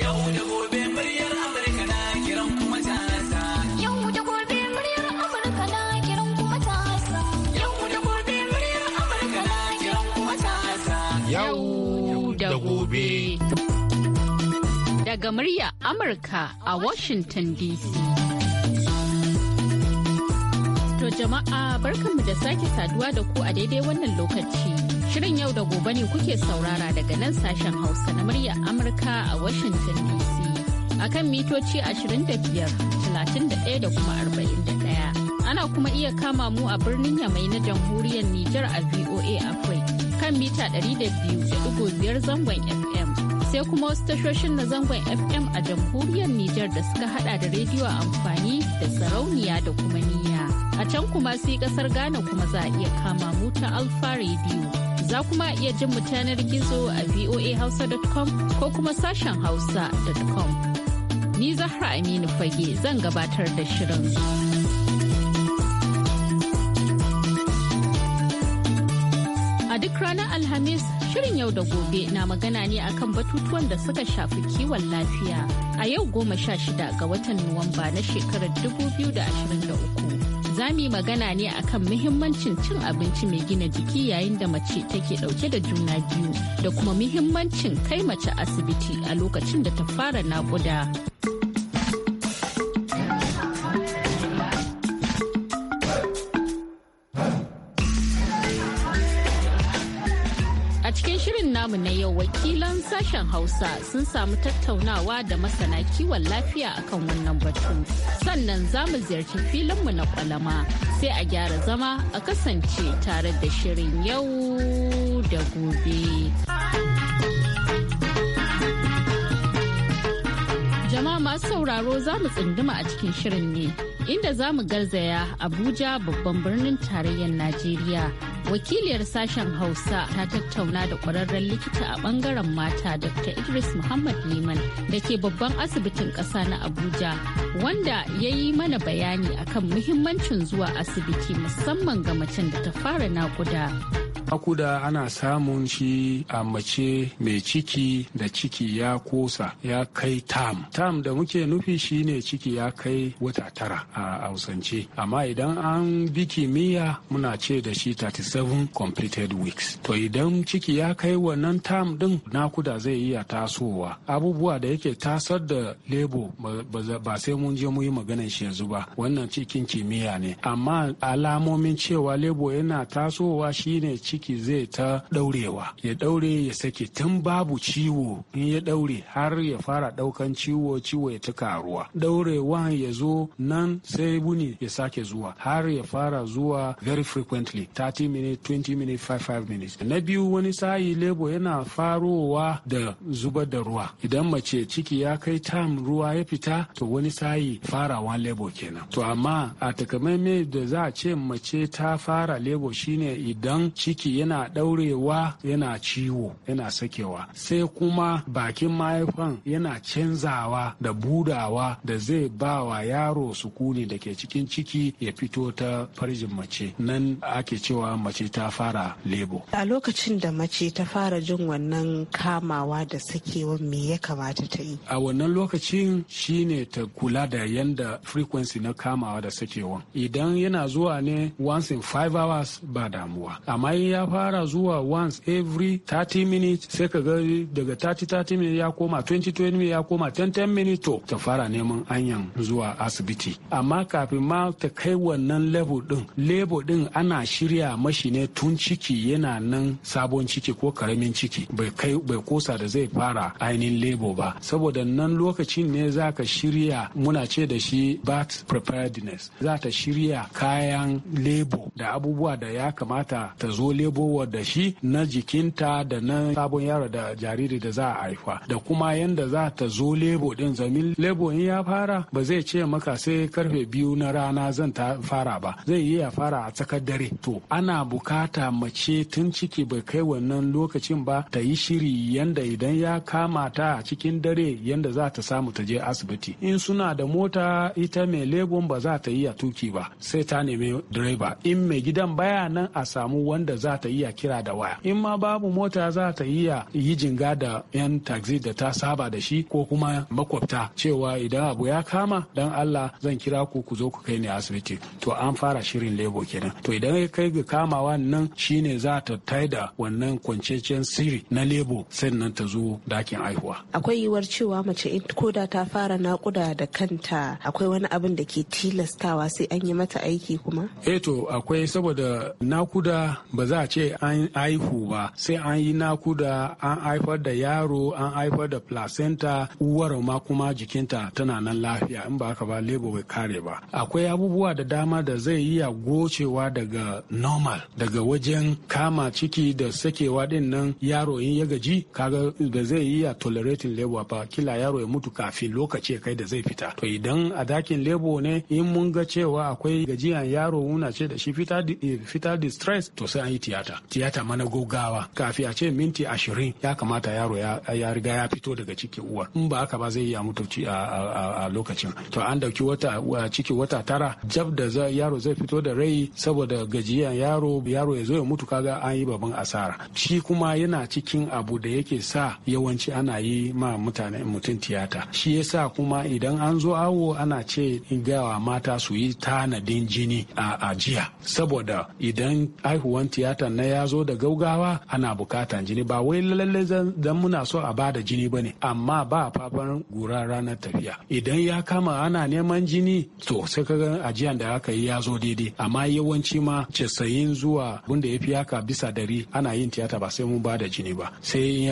Yau da gobe muryar Amurka na kiran kuma ta Yau da gobe muryar Amurka na kiran kuma ta Yau da gobe muryar Amurka na kiran kuma ta Yau da gobe. Daga murya Amurka a Washington DC. To jama'a barkanmu da sake saduwa da ku a daidai wannan lokaci. Shirin yau da gobe ne kuke saurara daga nan sashen Hausa na muryar Amurka a Washington DC. Akan mitoci 25, da kuma 41. Ana kuma iya kama mu a birnin Yamai na jamhuriyar Nijar a VOA Africa kan mita 200.5 zangon FM. sai kuma wasu tashoshin na zangon FM a jamhuriyar Nijar da suka hada da rediyo amfani da sarauniya da kuma niyya A can kuma sai kasar Ghana kuma za a iya kama mu ta Alfa Radio. Za kuma iya jin mu gizo a voahausa.com ko kuma sashen hausa.com. Ni Zahra Aminu Fage zan gabatar da shirin. A duk ranar Alhamis Shirin yau da gobe na magana ne akan batutuwan da suka shafi kiwon lafiya. A yau goma sha shida ga watan Nuwamba na shekarar dubu biyu da da ashirin uku Za mu yi magana ne akan muhimmancin cin abinci mai gina jiki yayin da mace take dauke da juna biyu da kuma muhimmancin kai mace asibiti a lokacin da ta fara naƙuda. yau wakilan sashen Hausa sun samu tattaunawa da masana kiwon lafiya akan wannan batun. Sannan za mu ziyarci filinmu na kwalama sai a gyara zama a kasance tare da shirin yau da gobe. Jama'a masu sauraro za mu tsunduma a cikin shirin ne inda za mu garzaya Abuja babban birnin tarayyar Najeriya. Wakiliyar sashen Hausa ta tattauna da kwararren likita a bangaren mata Dr. Idris Muhammad Liman da ke babban asibitin ƙasa na Abuja wanda ya yi mana bayani akan muhimmancin zuwa asibiti musamman ga macen da ta fara naƙuda. nakuda ana samun shi a mace mai ciki da ciki ya kosa ya kai tam. Tam da muke nufi shi ne ciki ya kai wata tara a hausance. Amma idan an bi kimiyya muna ce da shi 37 completed weeks. To idan ciki ya kai wannan tam din nakuda zai iya tasowa. Abubuwa da yake tasar da lebo ba sai mun je mu yi maganan shi yanzu ba. Wannan cikin kimiyya ne. Amma alamomin cewa lebo yana tasowa shine ciki ciki zai ta ɗaurewa ya daure ya sake tun babu ciwo in ya daure har ya fara daukan ciwo ciwo ya ta karuwa ɗaurewa ya zo nan sai wuni ya sake zuwa har ya fara zuwa very frequently 30 minutes 20 minutes 55 minutes na biyu wani sayi lebo yana farowa da zubar da ruwa idan mace ciki ya kai tam ruwa ya fita to wani sayi farawa lebo kenan to amma a takamaimai da za a ce mace ta fara lebo shine idan ciki ciki yana ɗaurewa yana ciwo yana sakewa sai kuma bakin mahaifan yana canzawa da budawa da zai ba wa yaro sukuni da ke cikin ciki ya fito ta farjin mace nan ake cewa mace ta fara lebo a lokacin da mace ta fara jin wannan kamawa da sakewa me ya kamata ta yi a wannan lokacin shine ta kula da yanda frequency na kamawa da sakewan idan yana zuwa ne once in five hours ba damuwa amma ya fara zuwa once every 30 minutes sai ka ga daga 30-30 minutes ya koma 20-20 minutes ya koma 10-10 minutes to ta fara neman anyan zuwa asibiti amma kafin ma ta kai wannan level din level din ana shirya mashi ne tun ciki yana nan sabon ciki ko karamin ciki bai kosa da zai fara ainihin lebo ba saboda nan lokacin ne za ka shirya muna ce da shi birth preparedness za ta shirya kayan lebo da abubuwa da ya kamata ta zo lebowa da shi na jikinta da na sabon yaro da jariri da za a haifa da kuma yanda za ta zo lebo din zamin lebo in ya fara ba zai ce maka sai karfe biyu na rana zan ta fara ba zai yi ya fara a tsakar dare to ana bukata mace tun ciki bai kai wannan lokacin ba ta yi shiri yanda idan ya kama ta a cikin dare yanda za ta samu ta je asibiti in suna da mota ita mai lebo ba za ta yi a tuki ba sai ta nemi direba in mai gidan baya nan a samu wanda za za ta iya kira da waya in ma babu mota za ta iya yi jinga da yan taxi da ta saba da shi ko kuma makwabta cewa idan abu ya kama dan Allah zan kira ku ku zo ku kai ni asibiti to an fara shirin lebo kenan to idan ya kai ga kamawa nan shine za ta taida wannan kwanciyar siri na lebo sannan ta zo dakin aihuwa akwai yiwuwar cewa mace in ko da ta fara nakuda da kanta akwai wani abin da ke tilastawa sai an yi mata aiki kuma eh to akwai saboda nakuda ba za ce an haihu ba sai an yi nakuda an haifar da yaro an haifar da placenta uwar ma kuma jikinta tana nan lafiya in ba haka ba lebo bai kare ba akwai abubuwa da dama da zai yi iya gocewa daga normal daga wajen kama ciki da sakewa din nan yaro in ya gaji kaga da zai yi a tolerating lebo ba kila yaro ya mutu kafin lokaci kai da zai fita to idan a dakin lebo ne in mun ga cewa akwai gajiyan yaro muna ce da shi fita eh, distress to sai an yi tiyata tiyata mana gaugawa kafin a ce minti ashirin ya kamata yaro ya riga ya fito daga ciki uwar in ba haka ba zai iya mutu a lokacin to an dauki wata ciki wata tara jab da yaro zai fito da rai saboda gajiyan yaro yaro ya zo ya mutu kaga an yi babban asara shi kuma yana cikin abu da yake sa yawanci ana yi ma mutane mutum tiyata shi yasa kuma idan an zo awo ana ce gawa mata su yi tanadin jini a jiya saboda idan aihuwan tiyata bukatan na ya zo da gaugawa ana bukatan jini ba wai lalle dan muna so a bada jini bane amma ba fafan gura ranar tafiya idan ya kama ana neman jini to sai kaga ajiyan da aka yi ya zo daidai amma yawanci ma casa'in zuwa bunda ya fi haka bisa dari ana yin tiyata ba sai mun da jini ba sai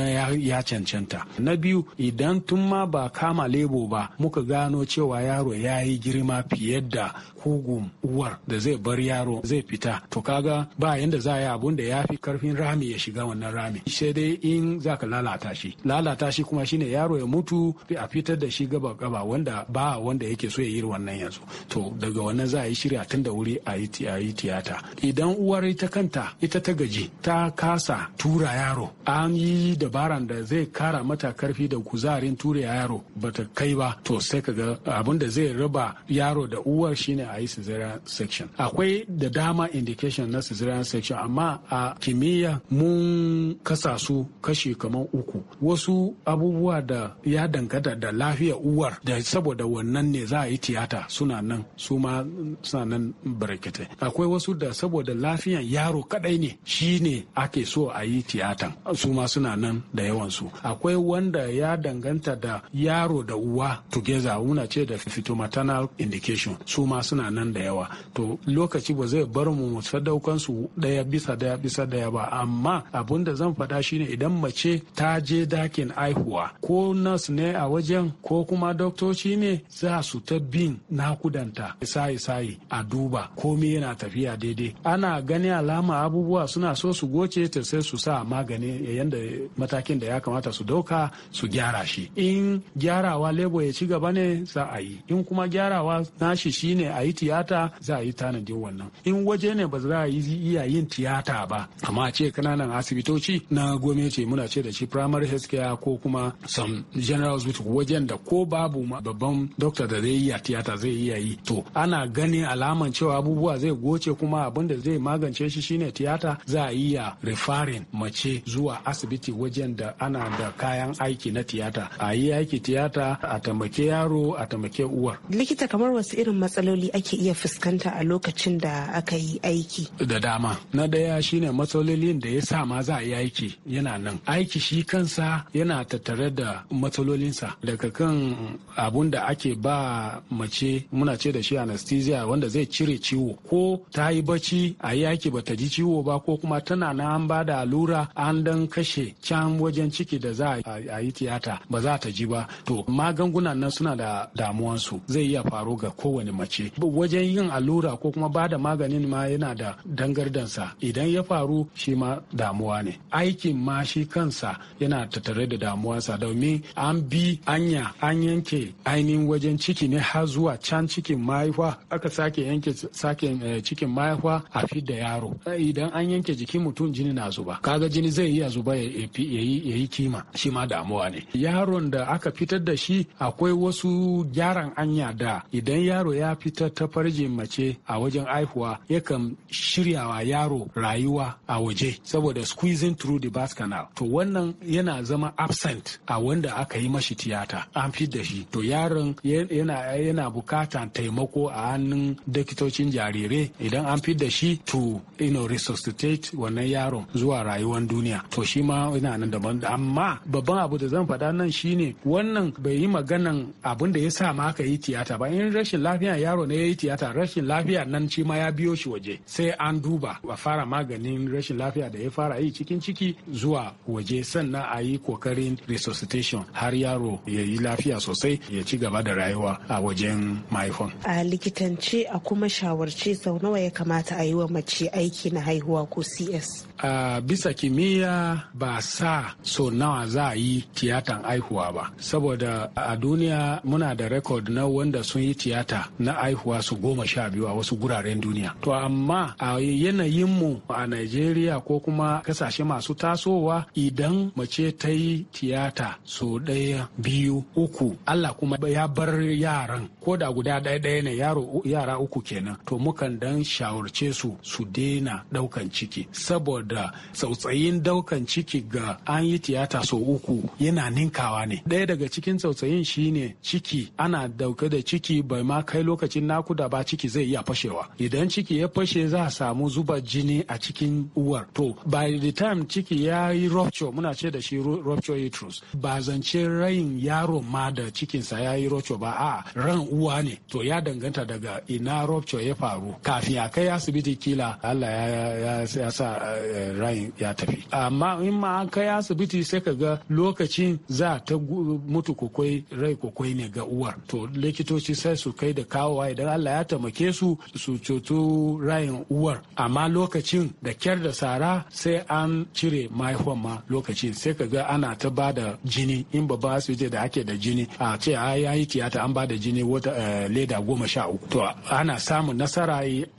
ya cancanta na biyu idan tun ma ba kama lebo ba muka gano cewa yaro ya yi girma fiye da kugun uwar da zai bar yaro zai fita to kaga ba yanda za a abun da ya fi karfin rami ya shiga wannan rami sai dai in za ka lalata shi lalata shi kuma shine yaro ya mutu a fitar da shi gaba gaba wanda ba wanda yake so ya yi wannan yanzu to daga wannan za a yi shirya tun da wuri a yi tiyata idan uwar ita kanta ita ta gaji ta kasa tura yaro an yi dabaran da zai kara mata karfi da kuzarin tura yaro bata kai ba to sai ga abun da zai raba yaro da uwar shine a yi cesarean section akwai da dama indication na cesarean section amma amma a kimiyya mun kasa su kashi kamar uku wasu abubuwa da ya dangata da lafiya uwar da saboda wannan ne za a yi tiyata suna nan su ma suna nan barkatai akwai wasu da saboda lafiyan yaro kadai ne shi ne ake so a yi tiyata su ma suna nan da yawansu akwai wanda ya danganta da yaro da uwa together muna ce da fitomaternal indication su ma suna nan da yawa to lokaci ba zai bar mu sadaukan su daya bisa bisa daya bisa daya ba amma abun da zan faɗa shine idan mace ta je dakin aihuwa ko nas ne a wajen ko kuma doktoci ne za su ta bin nakudanta sayi sayi a duba komai yana tafiya daidai ana gani alama abubuwa suna so su goce ta sai su sa magani yanda matakin da ya kamata su dauka su gyara shi in gyarawa lebo ya ci gaba ne za a yi in kuma gyarawa nashi shine a yi tiyata za a yi tanadin wannan in waje ne ba za a yi iya yin tiyata bukata ba amma ce kananan asibitoci na gwamnati muna ce da shi primary health care ko kuma some general hospital wajen da ko babu babban doctor da zai iya tiyata zai iya yi to ana ganin alaman cewa abubuwa zai goce kuma abin da zai magance shi shine tiyata za a iya referring mace zuwa asibiti wajen da ana da kayan aiki na tiyata a yi aiki tiyata a tambake yaro a tambake uwar likita kamar wasu irin matsaloli ake iya fuskanta a lokacin da aka yi aiki da dama na daya ɗaya shine matsalolin da ya sa ma za a yi aiki yana nan aiki shi kansa yana tattare da matsalolinsa daga kan abun da ake ba mace muna ce da shi anesthesia wanda zai cire ciwo ko ta yi bacci a yi aiki bata ji ciwo ba ko kuma tana na an ba da allura an dan kashe can wajen ciki da za a yi tiyata ba za ta ji ba to magungunan nan suna da damuwansu zai iya faru ga kowane mace wajen yin allura ko kuma ba da maganin ma yana da dangardansa idan idan ya faru shi ma damuwa ne aikin ma shi kansa yana tattare da damuwarsa domin an bi anya an yanke ainihin wajen ciki ne har zuwa can cikin mahaifa aka sake yanke sake eh, cikin mahaifa a fidda yaro idan an yanke jikin mutum jini na zuba kaga jini zai iya zuba ya yi kima shi ma damuwa ne yaron da aka fitar da shi akwai wasu gyaran anya da idan yaro ya fitar ta farjin mace a wajen aihuwa yakan shiryawa yaro ra rayuwa a waje saboda squeezing through the birth canal to wannan yana zama absent a wanda aka yi mashi tiyata an fi da shi to yaron yana yana bukatan taimako a hannun dakitocin jarirai idan an fi da shi to you know resuscitate wannan yaron zuwa rayuwar duniya to shi ma yana nan daban amma babban abu da zan faɗa nan shine wannan bai yi maganan abin da ya sa ma aka yi tiyata ba in rashin lafiya yaro ne ya yi tiyata rashin lafiya nan shi ma ya biyo shi waje sai an duba a fara ma maganin rashin lafiya da ya fara yi cikin ciki zuwa waje sannan a yi kokarin resuscitation har yaro ya yi lafiya sosai ya ci gaba da rayuwa a wajen mahaifan. A likitance a kuma shawarce sau nawa ya kamata a yi wa mace aiki na haihuwa ko CS. A bisa kimiyya ba sa so nawa za a yi tiyatan aihuwa ba saboda a duniya muna da rekod na wanda sun yi tiyata na haihuwa su goma sha biyu a wasu guraren duniya. To amma a yanayinmu a Najeriya ko kuma kasashe masu tasowa idan mace ta yi tiyata so ɗaya biyu uku Allah kuma ya bar yaran ko da guda ɗaya ɗaya ne yara uku kenan to mukan dan shawarce su su daina ɗaukan ciki saboda tsautsayin ɗaukan ciki ga an yi tiyata so uku yana ninkawa ne ɗaya daga cikin tsautsayin shine ciki ana dauke da ciki bai ma kai lokacin nakuda ba ciki zai iya fashewa idan ciki ya fashe za a samu zuba jini a cikin uwar to by the time ciki ya yi rupture muna ce da shi rupture uterus ba zance rayin yaro ma da cikinsa ya yi rupture ba a ran uwa ne to ya danganta daga ina rupture ya faru kafin a kai asibiti kila Allah ya sa eh, rain ya tafi amma in ma an kai asibiti sai ka ga lokacin za ta mutu kukwai rai kukwai ne ga uwar to likitoci sai su kai da kawowa idan Allah ya taimake su su cutu rayin uwar amma lokacin lokacin da kyar da sara sai an cire mahaifan ma lokaci sai ka ga ana ta ba da jini in ba ba su da ake da jini a ce a yi tiyata an ba da jini wata eh, leda goma sha uku to ana samun nasara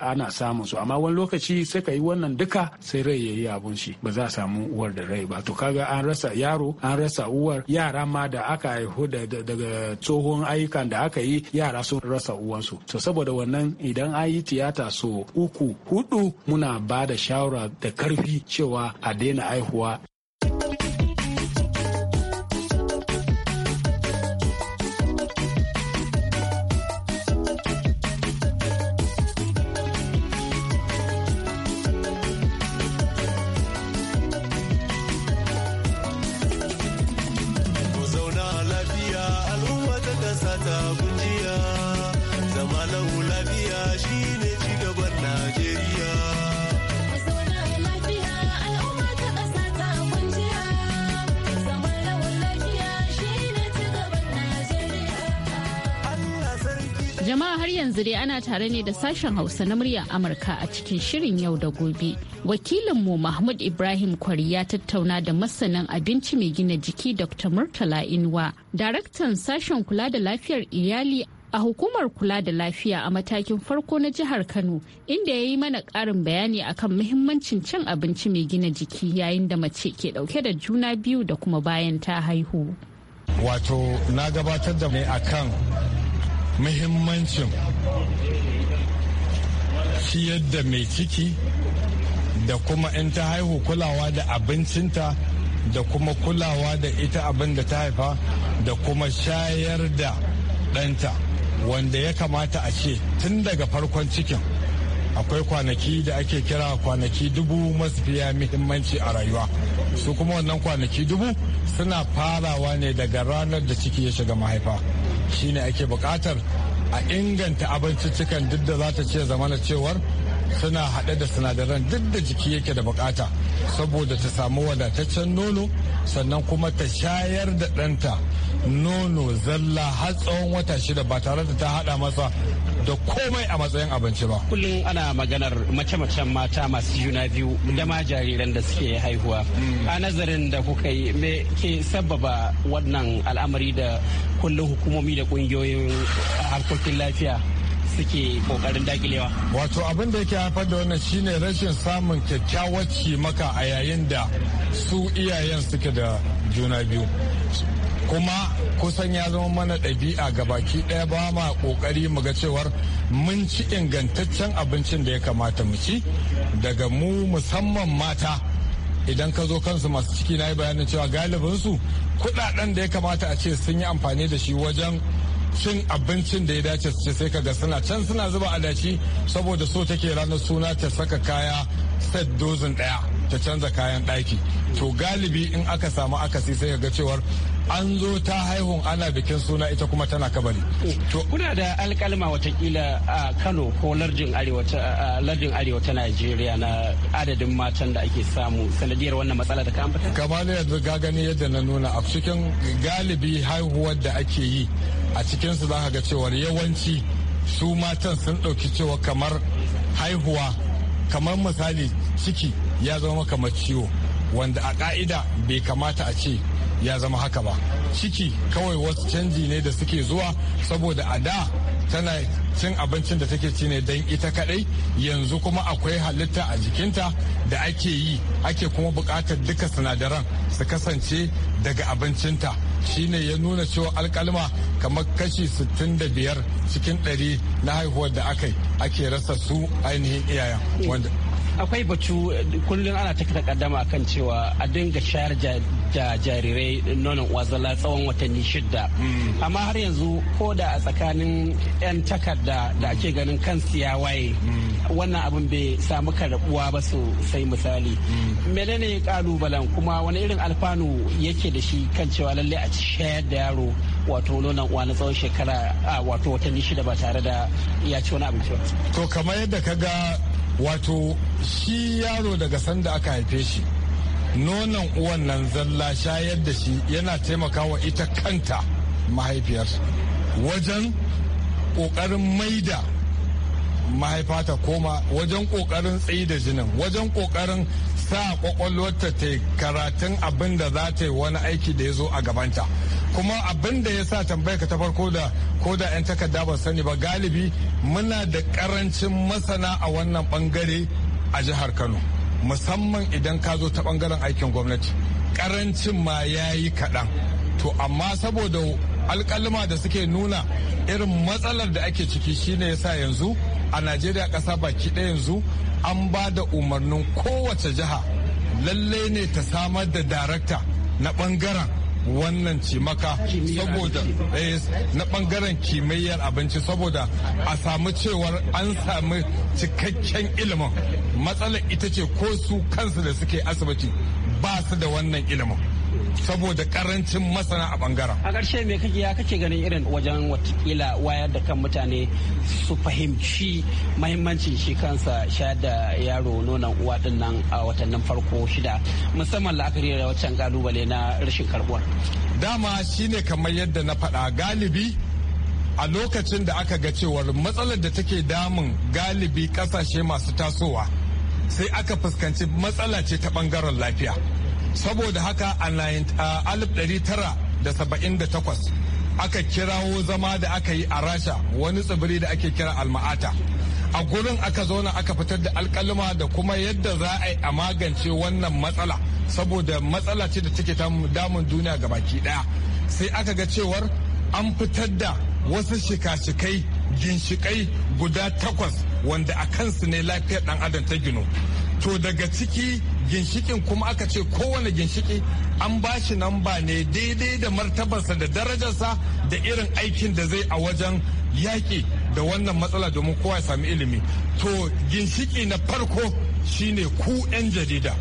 ana samun su amma wani lokaci sai ka yi wannan duka sai rai ya yi abun shi ba za a samu uwar da rai ba to kaga an rasa yaro an rasa uwar yara ma da aka haihu daga tsohon ayyukan da aka yi yara sun rasa uwansu to saboda wannan idan an yi tiyata so uku hudu muna ba da shawara da karfi cewa a daina haihuwa. ana tare ne da sashen Hausa na muryar Amurka a cikin shirin yau da gobe. Wakilinmu Mahmud Ibrahim Kwari ya tattauna da masanin abinci mai gina jiki Dr. Murtala Inuwa, daraktan sashen kula da lafiyar iyali a hukumar kula da lafiya a matakin farko na jihar Kano inda ya yi mana ƙarin bayani akan muhimmancin cin abinci mai gina jiki yayin da mace ke dauke da juna biyu da kuma bayan ta haihu. Wato na gabatar da mai akan muhimmancin ciyar da mai ciki da kuma in ta haihu kulawa da abincinta da kuma kulawa da ita abin da ta haifa da kuma shayar da ɗanta wanda ya kamata a ce tun daga farkon cikin akwai kwanaki da ake kira kwanaki dubu fiya muhimmanci a rayuwa su kuma wannan kwanaki dubu suna farawa ne daga ranar da ciki ya shiga mahaifa shine ake bukatar a inganta abinciccikan duk da za ta ce zamana cewar suna haɗe da sinadaran duk da jiki yake da bukata saboda ta samu wadataccen nono sannan kuma ta shayar da ɗanta nono zalla har tsawon wata shida ba tare da ta haɗa masa da komai a matsayin abinci ba. Kullum ana maganar mace-macen mata masu juna biyu da ma jariran da suke haihuwa. Mm. A nazarin da kuka yi me ke sababa wannan al'amari da kullum hukumomi da kungiyoyin harkokin lafiya suke kokarin dakilewa. Wato abin da yake haifar da wannan shine rashin samun kyakkyawar maka a yayin da su iyayen suke da juna biyu. kuma kusan ya zama mana ɗabi'a ga baki ɗaya ba ma ƙoƙari mu ga cewar mun ci ingantaccen abincin da ya kamata mu ci daga mu musamman mata idan ka zo kansu masu ciki na yi bayanin cewa galibinsu kuɗaɗen da ya kamata a ce sun yi amfani da shi wajen cin abincin da ya dace su ce sai kaga suna can suna zuba adashi saboda so take ranar suna ta saka kaya set dozin daya ta canza kayan daki to galibi in aka samu akasi sai ga cewar an zo ta haihun ana bikin suna ita kuma tana kabari. To kuna da alkalma watakila a Kano ko lardin arewa ta Najeriya na adadin matan da ake samu sanadiyar wannan matsala da kamfata Kamar yanzu ga yadda na nuna a cikin galibi haihuwar da ake yi a cikinsu za ka ga cewar yawanci su matan sun ɗauki cewa kamar haihuwa kamar misali ciki ya zama kamar ciwo wanda a ka'ida bai kamata a ce ya zama haka ba ciki kawai wasu canji ne da suke zuwa saboda a da tana cin abincin da take ci ne don ita kadai yanzu kuma akwai halitta a jikinta da ake yi ake kuma bukatar duka sinadaran su kasance daga abincinta shine ya nuna cewa alkalma kamar kashi 65 cikin 100 na haihuwar da aka yi ake rasa su ainihin iyayen akwai batu kullum ana ta takaddama kan cewa a dinga shayar da jarirai nonon wazala tsawon watanni shidda hmm. amma har yanzu ko da a tsakanin 'yan takarda da ake ganin kan ya waye hmm. wannan abin bai samu karbuwa ba sai misali hmm. menene kalubalen kuma wani irin alfanu yake da shi kan cewa lalle a shayar da yaro wato nonon uwa na tsawon shekara wato watanni shida ba tare da ya ci wani abinci ba to kamar yadda ka ga wato shi yaro daga sanda aka haife shi nonon uwan nan zalla shayar da shi yana taimakawa ita kanta mahaifiyar wajen ƙoƙarin maida mahaifa ta koma wajen kokarin tsayi da jinin wajen kokarin sa kwakwalwarta ta karatun abin da za ta yi wani aiki da ya zo a gabanta kuma abin da ya sa tambayarka ta farko da ko da 'yan takarda ba sani ba galibi muna da karancin masana a wannan bangare a jihar kano musamman idan ka zo ta bangaren aikin gwamnati karancin ma ya yi kaɗan to amma saboda alkalima da suke nuna irin matsalar da ake ciki shine yasa yanzu a najeriya ƙasa baki ɗaya yanzu an ba da umarnin kowace jiha lalle ne ta samar da darakta na ɓangaren wannan cimaka saboda eh, na ɓangaren kimiyyar abinci saboda a samu cewar an samu cikakken ilimin matsalar ita ce ko su kansu da suke asibiti ba su da wannan ilimin saboda karancin masana a bangaren. A ƙarshe me kake ya kake ganin irin wajen watakila wayar da kan mutane su fahimci mahimmancin shi kansa shayar da yaro nonon uwa din a watannin farko shida musamman la'akari da waccan kalubale na rashin karbuwa. Dama shine kamar yadda na faɗa galibi a lokacin da aka ga cewar matsalar da take damun galibi ƙasashe masu tasowa sai aka fuskanci matsala ce ta ɓangaren lafiya. saboda haka a 1978 aka kirawo zama da aka yi a rasha wani tsibiri da ake kira alma'ata a gurin aka zauna aka fitar da alkalima da kuma yadda za a yi a magance wannan matsala saboda matsala ce da take damun duniya ga baki daya sai aka ga cewar an fitar da wasu shika-shikai ginshikai guda takwas wanda a kansu ne lafiyar dan adam ta gino to daga ciki ginshikin kuma aka ce kowane ginshiki an ba shi namba ne daidai da martabarsa da darajarsa da irin aikin da zai a wajen yaƙi da wannan matsala domin kowa ya sami ilimi to ginshiki na farko shine ku 'yan jarida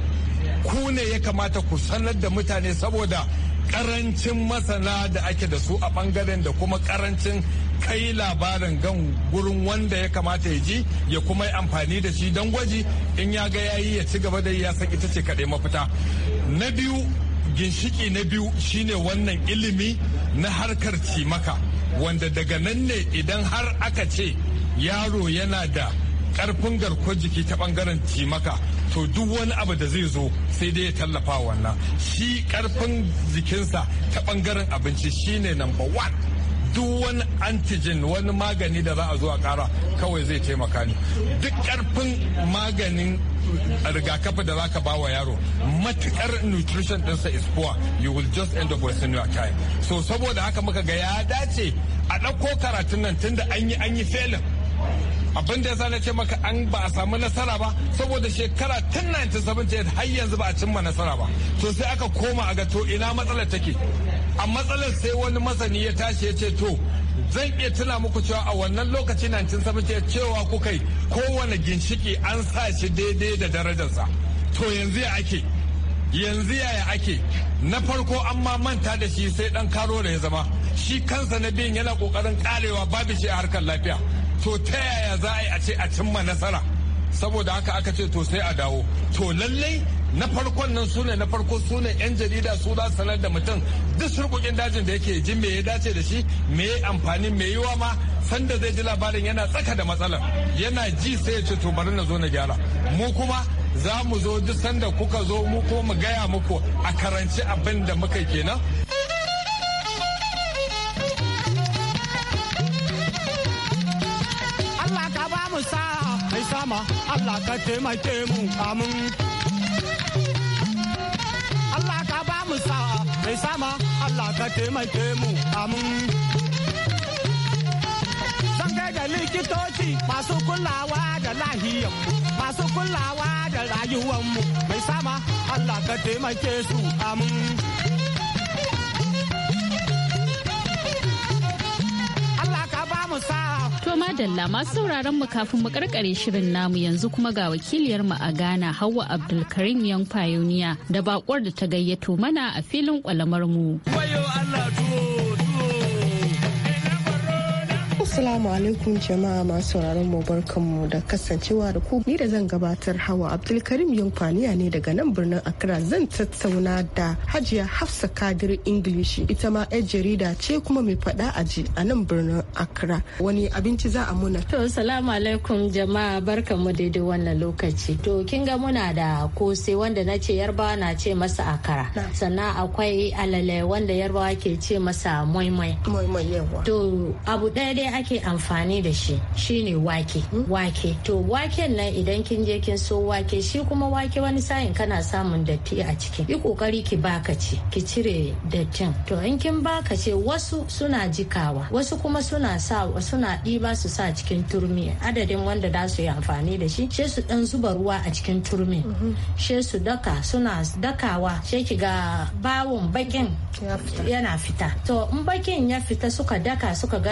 ku ne ya kamata ku sanar da mutane saboda karancin masana da ake da su a bangaren da kuma karancin kai labarin gan gurin wanda ya kamata ya ji ya kuma yi amfani da shi don gwaji in ya ga ya yi ya ci gaba da ya san ita ce kaɗai mafita na biyu ginshiki na biyu shine wannan ilimi na harkar cimaka wanda daga nan ne idan har aka ce yaro yana da karfin garkuwar jiki ta bangaren cimaka to duk wani abu da zai zo sai dai ya tallafa wannan shi karfin jikinsa ta bangaren abinci shine number one duk wani antigen wani magani da za a zo a kara kawai zai taimaka ni duk karfin maganin rigakafi da za ka ba wa yaro matukar nutrition ɗinsa is poor you will just end up wasting your time so saboda haka muka ga ya dace a ɗauko karatun nan tunda an yi an yi felin abin da ya na ce maka an ba a samu nasara ba saboda shekara tun 1978 har yanzu ba a cimma nasara ba to sai aka koma a ga to ina matsalar take a matsalar sai wani masani ya tashi ya ce to zan iya tuna muku cewa a wannan lokaci 1970 cewa kuka yi kowane ginshiki an sa shi daidai da darajarsa to yanzu ya ake yanzu yaya ake na farko an ma manta da shi sai dan karo da ya zama shi kansa na biyun yana kokarin karewa babu shi a harkar lafiya to ta yaya za a yi a ce a cimma nasara saboda haka aka ce to sai a dawo to lallai na farkon nan sune na farko sune yan jarida su za sanar da mutum duk surkukin dajin da yake ji me ya dace da shi me ya amfani me yiwa ma sanda zai ji labarin yana tsaka da matsalar yana ji sai ya ce to bari na zo na gyara mu kuma za mu zo duk sanda kuka zo mu ko mu gaya muku a karanci abin da muka kenan Allah ka ba mu sa'a mai sama Allah ka taimake mu amin mai sama Allah ka taimake mu amin. Zan da likitoci masu kulawa da lahiyar masu kulawa da mu, mai sama Allah ka taimake su amin. Allah ka ba mu sa To madalla masu sauraron mu kafin mu karkare shirin namu yanzu kuma ga wakiliyar mu a Ghana Hauwa Abdulkarim yan Pioneer da bakwar da ta gayyato mana a filin kwalamar mu. Allah Assalamu alaikum jama'a masu sauraron mu barkanmu da kasancewa da ku ni da zan gabatar hawa Abdulkarim Yunfaniya ne daga nan birnin Accra zan tattauna da Hajiya Hafsa Kadir English ita ma yar jarida ce kuma mai faɗa aji a nan birnin Accra wani abinci za a muna. To assalamu alaikum jama'a barkanmu daidai wannan lokaci. To kin ga muna da kose wanda nace ce yarbawa na ce masa akara. Sannan akwai alale wanda yarbawa ke ce masa moimoi. Moimoi yawa. To abu ɗaya dai ake amfani da shi shine wake hmm? wake to waken nan idan kin je kin so wake shi kuma wake wani sa'in kana samun datti a ciki yi kokari ki baka ce ki cire dattin to in kin baka ce wasu suna jikawa wasu kuma suna sa suna ɗiba su sa cikin turmi adadin wanda za su yi amfani da shi she su dan zuba ruwa a cikin turmi mhm. she su daka suna dakawa she ki ga bawon bakin yana fita to in bakin ya fita suka daka suka ga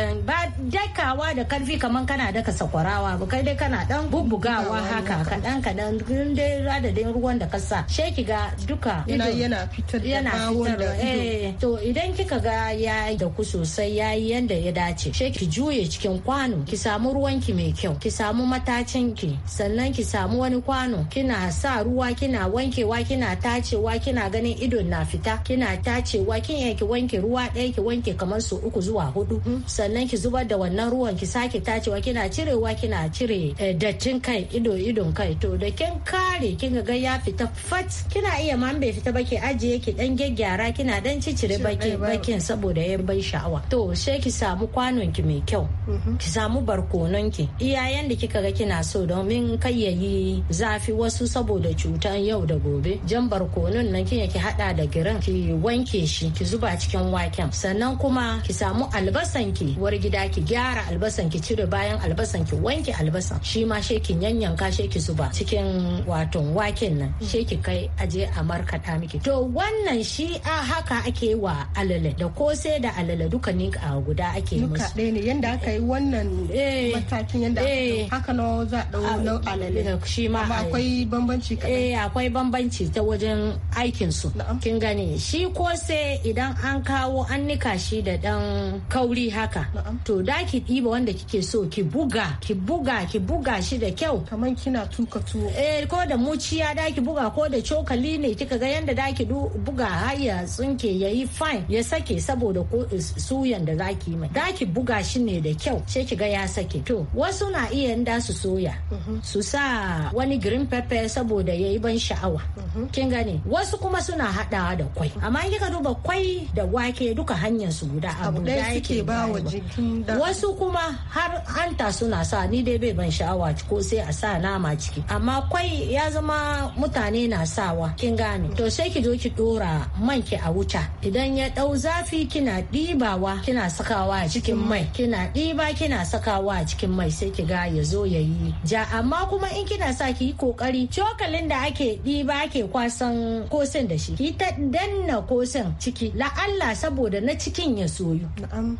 dakawa da karfi kaman kana daka sakwarawa ba kai dai kana dan bubbugawa haka kaɗan kaɗan in dai radadin ruwan da ka sa she ga duka yana fitar da da eh to idan kika ga ya da ku sosai yayi yanda ya dace she ki juye cikin kwano ki samu ruwanki mai kyau ki samu matacin ki sannan ki samu wani kwano kina sa ruwa kina wankewa kina tacewa kina ganin idon na fita kina tacewa kin yake wanke ruwa ɗaya ki wanke kamar su uku zuwa hudu mm-hmm. sannan ki zubar da wannan ruwan ki sake tacewa kina cirewa kina cire eh, dattin kai ido idon kai to da kin kare kin ga ya fita fat kina iya ma bai fita ba ki ajiye ki dan gyaggyara kina dan cicire bakin bakin saboda yan ban sha'awa to sai ki samu kwanon ki mai kyau mm-hmm. ki samu barkonon ki iyayen da kika ga kina so domin kai zafi wasu saboda cutan yau da gobe jan barkonon nan kin ki hada da girin ki wanke shi ki zuba cikin waken sannan kuma ki samu albasan ki war gida ki gyara albasan ki cire bayan albasan ki wanke albasan shi ma she ki yanyanka she ki zuba cikin waton waken nan she ki kai aje a markaɗa miki to wannan shi a haka ake wa alale da ko sai da alale duka dukkanin a guda ake musu duka ɗaya ne yanda aka yi wannan eh. matakin yanda eh. haka na za a ah, na alale eh, shi ma akwai bambanci kaɗan eh akwai bambanci ta wajen aikin su kin gane shi ko sai idan an kawo an nika shi da dan kauri haka to da ki ɗiba wanda kike so ki buga ki buga ki buga shi da kyau kamar kina tuka tuwo eh ko da muciya da ki buga ko da cokali ne kika ga yanda da ki buga har ya tsinke yayi fine ya sake saboda ko eh, suyan da zaki mai da ki buga shi ne da kyau sai ki ga ya sake to wasu na iya da su soya mm-hmm. su sa wani green pepper saboda yayi ban sha'awa mm-hmm. kin gane wasu kuma suna haɗawa da kwai amma kika duba kwai da wake duka hanyar su guda abu da yake ba wa jikin wasu kuma har hanta suna sa ni dai bai ban sha'awa ko sai a sa nama ciki amma kwai ya zama mutane na sawa kin gane to sai ki zo ki dora man ki a wuta idan ya dau zafi kina dibawa kina sakawa a cikin mai kina diba kina sakawa a cikin mai sai ki ga ya zo ya yi ja amma kuma in kina sa ki kokari cokalin da ake diba ke kwasan kosin da shi ki ta danna kosin ciki la'alla saboda na cikin ya soyu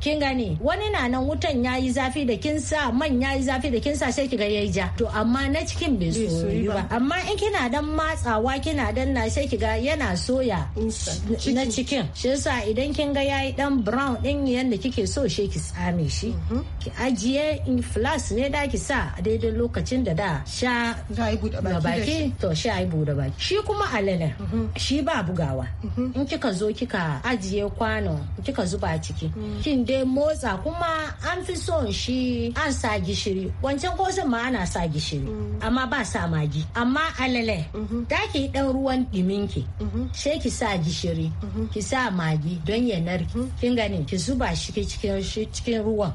kin gane wani na nan wuta ya yayi zafi da kin sa man yayi zafi da kin sa sai kiga yayi ja to amma na cikin bai soyu ba amma in kina dan matsawa kina dan na sai kiga yana soya na cikin shi yasa idan kin ga yayi dan brown din yanda kike so she ki tsame shi mhm. ki ajiye in flask ne da ki sa a daidai lokacin da da sha ga baki to sha yi bude baki shi kuma alala mhm. shi ba bugawa mhm. in kika zo kika ajiye kwano kika zuba ciki kin dai motsa kuma an an fi son shi an sa gishiri wancan kosan ma ana sa gishiri mm. amma ba sa magi amma alale mm-hmm. da ki dan ruwan diminki mm-hmm. sai ki sa gishiri mm-hmm. ki sa magi don ya narki kin gani ki zuba shi cikin cikin ruwan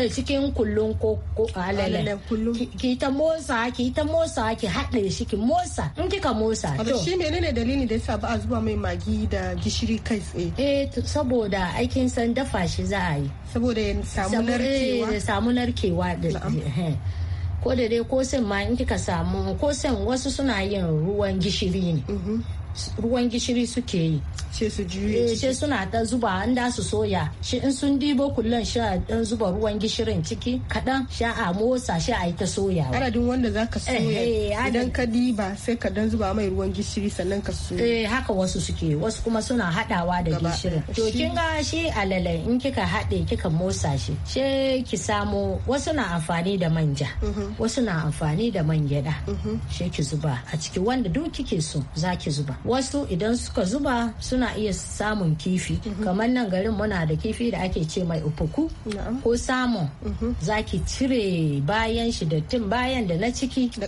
eh, cikin kullun ko alale ki ta motsa ki ta motsa ki haɗe shi ki motsa in kika motsa to shi ne dalili da yasa ba a zuba mai magi da gishiri kai tsaye eh saboda aikin san dafa shi za a yi saboda ya samu narkewa ya samu narkewa eh. ko da dai kosin ma in kika samu kosin wasu suna yin ruwan gishiri ne mm-hmm. ruwan gishiri suke yi Ce su juye eh, Ce suna ta zuba an da su soya shi in sun dibo kullun sha dan zuba ruwan gishirin ciki kadan sha a motsa sha a yi ta soya adadin wanda za ka soya eh, eh, idan ka diba sai ka dan zuba mai ruwan gishiri sannan ka soya eh haka wasu suke wasu kuma suna haɗawa da gishirin to kin ga shi alale in kika haɗe kika motsa shi she ki samo wasu na amfani da manja mhm. wasu na amfani da man gyada mhm. she ki zuba a ciki wanda duk kike so za ki zuba wasu idan suka zuba suna iya samun kifi mhm. kamar nan garin muna da kifi da ake ce mai ufuku ko samun mhm. zaki cire bayan shi da tun bayan da na ciki da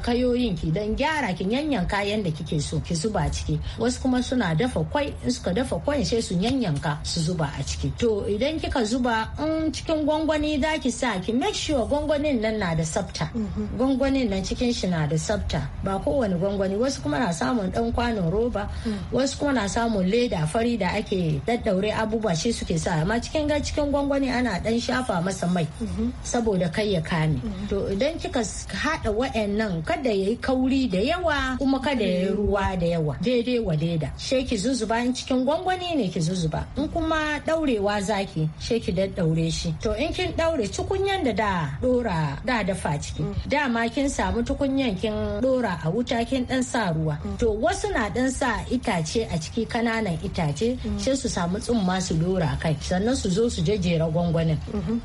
kayoyin ki don gyara ki yanyan kayan da kike so ki zuba ciki wasu kuma suna dafa kwai in suka dafa kwai sai su yanyanka su zuba a ciki to idan kika zuba in cikin gwangwani za ki sa ki make sure gwangwanin nan na da sabta mhm. gwangwanin nan cikin shi na da sabta ba kowane gwangwani wasu kuma na samun dan kwanon roba mm. wasu kuma na samun leda fari da ake daddaure abubuwa shi suke sa amma cikin ga cikin gwangwani ana dan shafa masa mai mm-hmm. saboda kai ya kame mm. to idan kika hada wa'annan kada yayi kauri da yawa kuma kada yayi mm. ruwa da yawa daidai wa leda she ki zuzuba in cikin gwangwani ne ki zuzuba in kuma daurewa zaki she ki daddaure shi to in kin daure tukunyan da da dora da dafa ciki dama kin samu tukunyan kin dora a wuta kin dan sa ruwa to wasu wasu na dan sa itace a ciki kananan itace sai su samu tsumma su dora kai sannan su zo su jejjera gwangwanin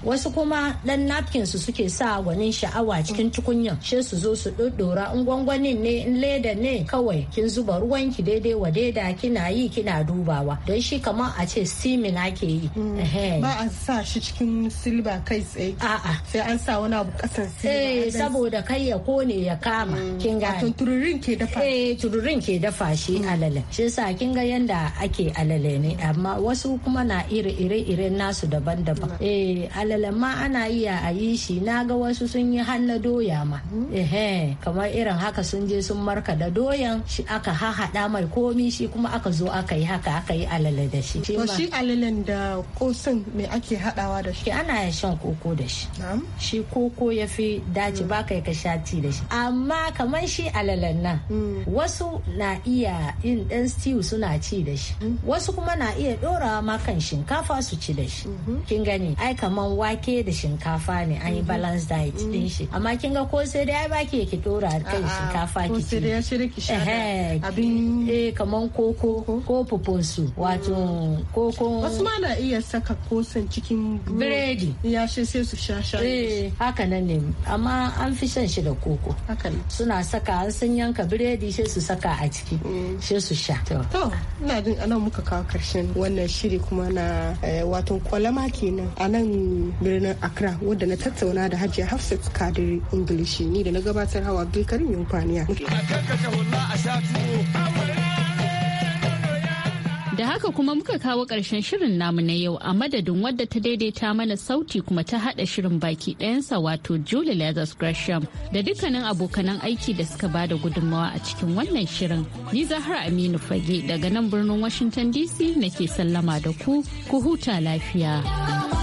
wasu kuma dan napkin su suke sa gwanin sha'awa cikin tukunyan sai su zo su dora in gwangwanin ne in leda ne kawai kin zuba ruwan ki daidai wa daida kina yi kina dubawa don shi kamar a ce steaming ake yi hmm. ba a sa shi cikin silba kai tsaye sai an sa wani abu kasan silba eh, saboda kai ya kone ya kama hmm. kin ga tururin ke dafa eh, dafa shi alale shi sa kin ga yanda ake alale ne amma wasu kuma na iri ire ire nasu daban-daban eh alale ma ana iya a yi shi na ga wasu sun yi hannu doya ma ehe kamar irin haka sun je sun marka da doyan shi aka hahada mai komi shi kuma aka zo aka yi haka aka yi alale da shi to shi alalen da kosin me ake hadawa da shi ana shan koko da shi shi koko ya fi dace ba kai ka sha ti da shi amma kamar shi alalen nan mm. wasu na na iya yin ɗan stew suna ci da shi mm-hmm. wasu kuma na iya ɗorawa ma kan shinkafa su ci da shi mm-hmm. kin gani ai kaman wake da shinkafa ne an yi mm-hmm. balance diet din shi amma kin ga ko sai dai ai baki ki ɗora kan shinkafa ki ci ya shirya ki sha abin eh kaman koko ko pupun su wato mm. koko wasu ma na iya saka kosan cikin biredi ya shi sai su sha sha eh haka nan ne amma an fi shan shi da koko haka suna saka an sun yanka biredi sai su saka a ciki mm. shi su sha to ina jin anan muka kawo karshen wannan shiri kuma na eh, wato kwalama kenan a nan birnin Accra wanda na tattauna da Hajiya Hafsat Kadiri Ingilishi ni da na gabatar hawa Abdulkarim Yunfaniya. Da haka kuma muka kawo ƙarshen shirin namu na yau a madadin wadda ta daidaita mana sauti kuma ta haɗa shirin baki ɗayansa wato Julie Lazarus Gresham da dukkanin abokanan aiki da suka ba da gudunmawa a cikin wannan shirin. Ni Zahra Aminu Fage daga nan birnin Washington DC nake sallama da ku, ku huta lafiya.